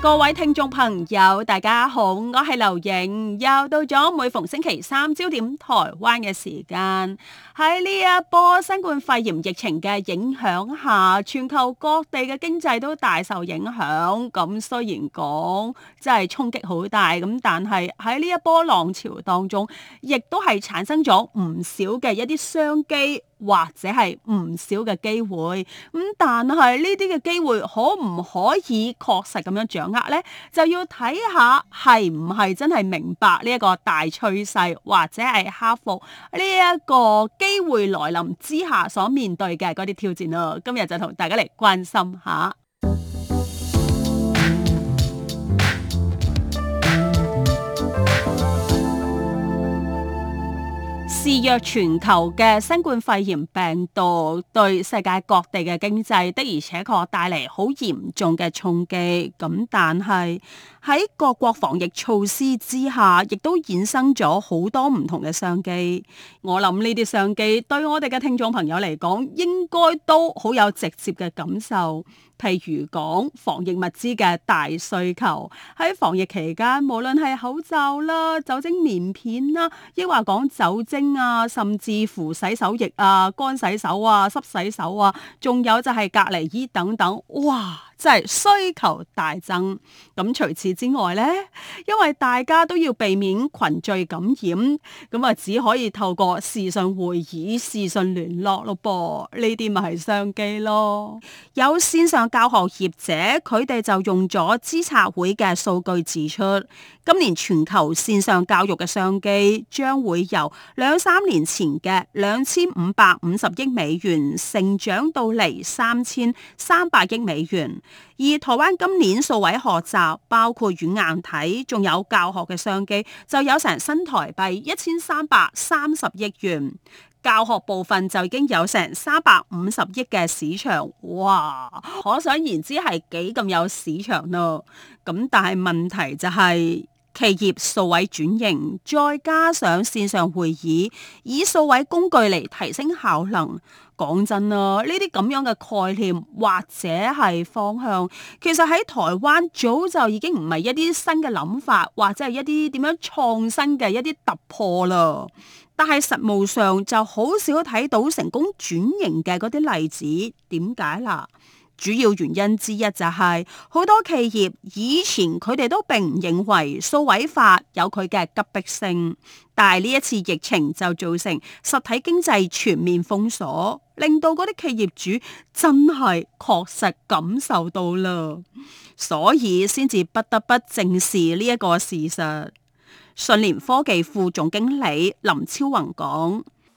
各位聽眾朋友，大家好，我係劉瑩，又到咗每逢星期三朝點台灣嘅時間。喺呢一波新冠肺炎疫情嘅影響下，全球各地嘅經濟都大受影響。咁雖然講真係衝擊好大，咁但係喺呢一波浪潮當中，亦都係產生咗唔少嘅一啲商機。或者係唔少嘅機會，咁但係呢啲嘅機會可唔可以確實咁樣掌握呢？就要睇下係唔係真係明白呢一個大趨勢，或者係克服呢一個機會來臨之下所面對嘅嗰啲挑戰咯。今日就同大家嚟關心下。若全球嘅新冠肺炎病毒對世界各地嘅經濟的而且確帶嚟好嚴重嘅衝擊，咁但係喺各國防疫措施之下，亦都衍生咗好多唔同嘅商機。我諗呢啲商機對我哋嘅聽眾朋友嚟講，應該都好有直接嘅感受。譬如講防疫物資嘅大需求，喺防疫期間，無論係口罩啦、酒精棉片啦，抑或講酒精啊，甚至乎洗手液啊、乾洗手啊、濕洗手啊，仲有就係隔離衣等等，哇！即係需求大增咁。除此之外呢，因為大家都要避免群聚感染，咁啊只可以透過視訊會議、視訊聯絡咯噃。呢啲咪係商機咯。有線上教學業者佢哋就用咗資策會嘅數據指出，今年全球線上教育嘅商機將會由兩三年前嘅兩千五百五十億美元成長到嚟三千三百億美元。而台灣今年數位學習包括軟硬體，仲有教學嘅商機，就有成新台幣一千三百三十億元。教學部分就已經有成三百五十億嘅市場，哇！可想言之係幾咁有市場咯。咁但係問題就係、是。企業數位轉型，再加上線上會議，以數位工具嚟提升效能。講真啦，呢啲咁樣嘅概念或者係方向，其實喺台灣早就已經唔係一啲新嘅諗法，或者係一啲點樣創新嘅一啲突破啦。但係實務上就好少睇到成功轉型嘅嗰啲例子，點解啦？主要原因之一就係、是、好多企業以前佢哋都並唔認為數位化有佢嘅急迫性，但係呢一次疫情就造成實體經濟全面封鎖，令到嗰啲企業主真係確實感受到啦，所以先至不得不正視呢一個事實。信聯科技副總經理林超宏講。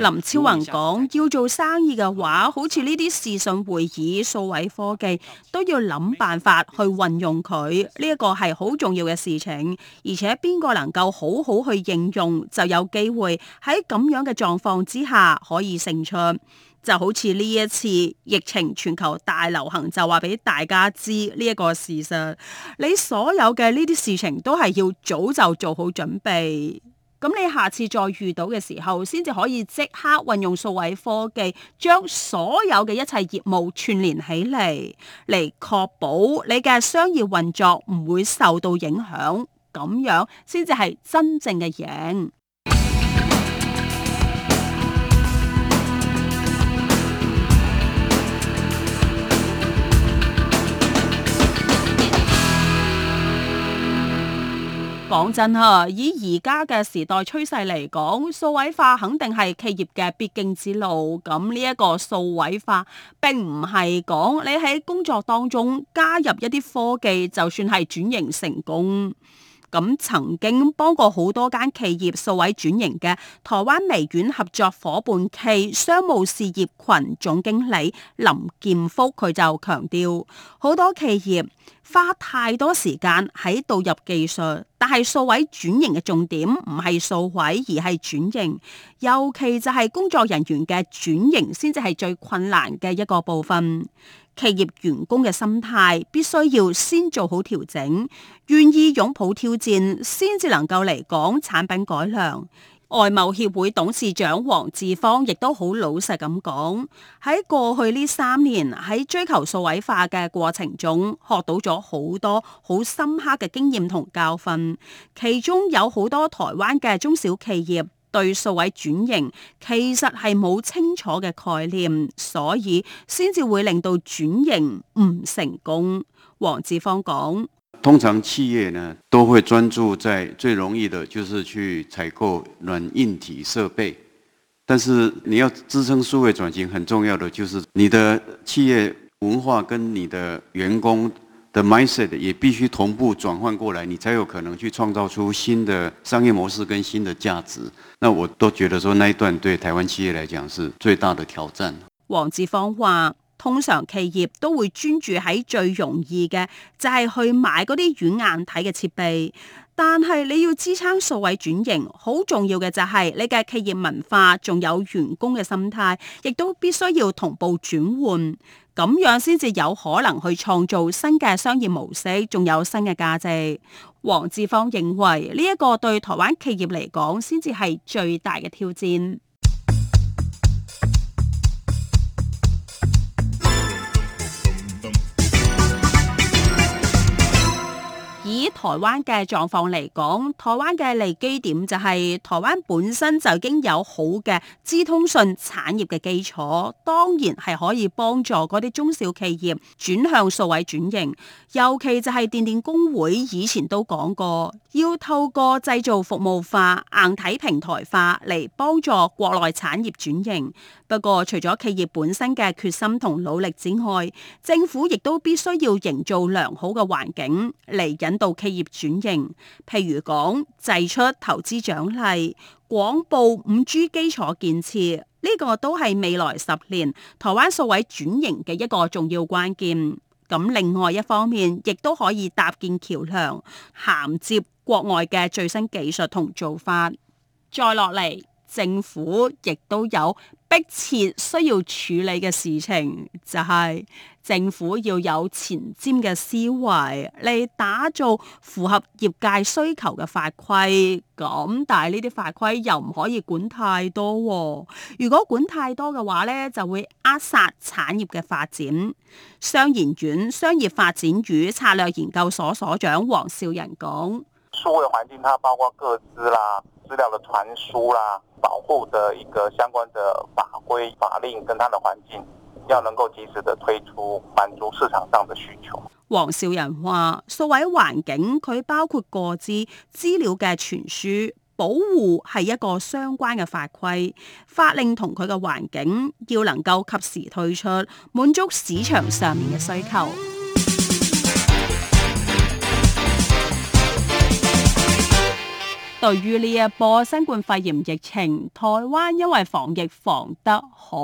林超雲講：要做生意嘅話，好似呢啲視訊會議、數位科技，都要諗辦法去運用佢。呢一個係好重要嘅事情，而且邊個能夠好好去應用，就有機會喺咁樣嘅狀況之下可以勝出。就好似呢一次疫情全球大流行，就話俾大家知呢一個事實。你所有嘅呢啲事情都係要早就做好準備。咁你下次再遇到嘅時候，先至可以即刻運用數位科技，將所有嘅一切業務串聯起嚟，嚟確保你嘅商業運作唔會受到影響。咁樣先至係真正嘅贏。講真吓，以而家嘅時代趨勢嚟講，數位化肯定係企業嘅必經之路。咁呢一個數位化並唔係講你喺工作當中加入一啲科技，就算係轉型成功。咁曾經幫過好多間企業數位轉型嘅台灣微軟合作夥伴暨商務事業群總經理林健福，佢就強調，好多企業花太多時間喺導入技術，但係數位轉型嘅重點唔係數位，而係轉型，尤其就係工作人員嘅轉型，先至係最困難嘅一個部分。企業員工嘅心態必須要先做好調整，願意擁抱挑戰，先至能夠嚟講產品改良。外貿協會董事長黃志芳亦都好老實咁講，喺過去呢三年喺追求數位化嘅過程中，學到咗好多好深刻嘅經驗同教訓，其中有好多台灣嘅中小企業。對數位轉型其實係冇清楚嘅概念，所以先至會令到轉型唔成功。黃志芳講，通常企業呢都會專注在最容易的，就是去採購軟硬體設備。但是你要支撐數位轉型，很重要的就是你的企業文化跟你的員工。The mindset 也必須同步轉換過來，你才有可能去創造出新的商業模式跟新的價值。那我都覺得說那一段對台灣企業嚟講是最大的挑戰。黃志芳話，通常企業都會專注喺最容易嘅，就係去買嗰啲軟硬體嘅設備。但係你要支撐數位轉型，好重要嘅就係你嘅企業文化，仲有員工嘅心態，亦都必須要同步轉換。咁樣先至有可能去創造新嘅商業模式，仲有新嘅價值。黃志芳認為，呢一個對台灣企業嚟講，先至係最大嘅挑戰。以台灣嘅狀況嚟講，台灣嘅利基點就係、是、台灣本身就已經有好嘅資通訊產業嘅基礎，當然係可以幫助嗰啲中小企業轉向數位轉型。尤其就係電電工會以前都講過要透過製造服務化、硬體平台化嚟幫助國內產業轉型。不過除咗企業本身嘅決心同努力之外，政府亦都必須要營造良好嘅環境嚟引導，企業轉型，譬如講祭出投資獎勵、廣布五 G 基礎建設，呢個都係未來十年台灣數位轉型嘅一個重要關鍵。咁另外一方面，亦都可以搭建橋樑，銜接國外嘅最新技術同做法。再落嚟。政府亦都有迫切需要處理嘅事情，就係、是、政府要有前瞻嘅思維嚟，打造符合業界需求嘅法規。咁但係呢啲法規又唔可以管太多，哦，如果管太多嘅話呢，就會扼殺產業嘅發展。商研院商業發展與策略研究所所所長黃兆仁講：社會環境，他包括個資啦。傳輸啦，保護的一個相關的法規法令跟它的環境，要能夠及時的推出，滿足市場上的需求。黃少仁話：數位環境佢包括個資資料嘅傳輸保護係一個相關嘅法規法令，同佢嘅環境要能夠及時推出，滿足市場上面嘅需求。對於呢一波新冠肺炎疫情，台灣因為防疫防得好，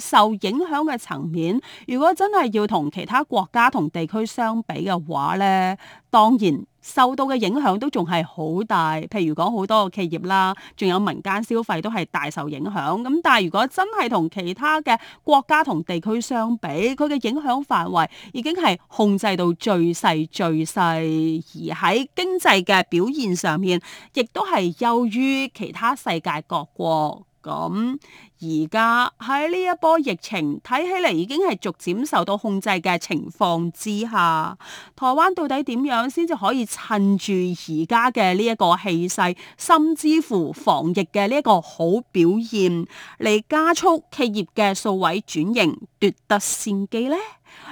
受影響嘅層面，如果真係要同其他國家同地區相比嘅話呢，當然。受到嘅影響都仲係好大，譬如講好多企業啦，仲有民間消費都係大受影響。咁但係如果真係同其他嘅國家同地區相比，佢嘅影響範圍已經係控制到最細最細，而喺經濟嘅表現上面，亦都係優於其他世界各國。咁而家喺呢一波疫情睇起嚟已經係逐漸受到控制嘅情況之下，台灣到底點樣先至可以趁住而家嘅呢一個氣勢，甚至乎防疫嘅呢一個好表現，嚟加速企業嘅數位轉型，奪得先機咧？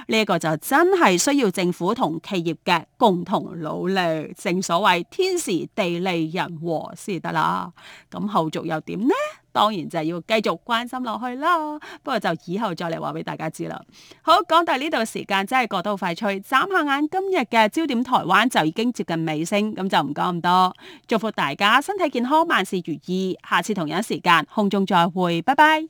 呢個就真係需要政府同企業嘅共同努力，正所謂天時地利人和先得啦。咁後續又點呢？當然就要繼續關心落去啦。不過就以後再嚟話俾大家知啦。好，講到呢度時間真係過到快脆，眨下眼今日嘅焦點台灣就已經接近尾聲，咁就唔講咁多。祝福大家身體健康，萬事如意。下次同樣時間空中再會，拜拜。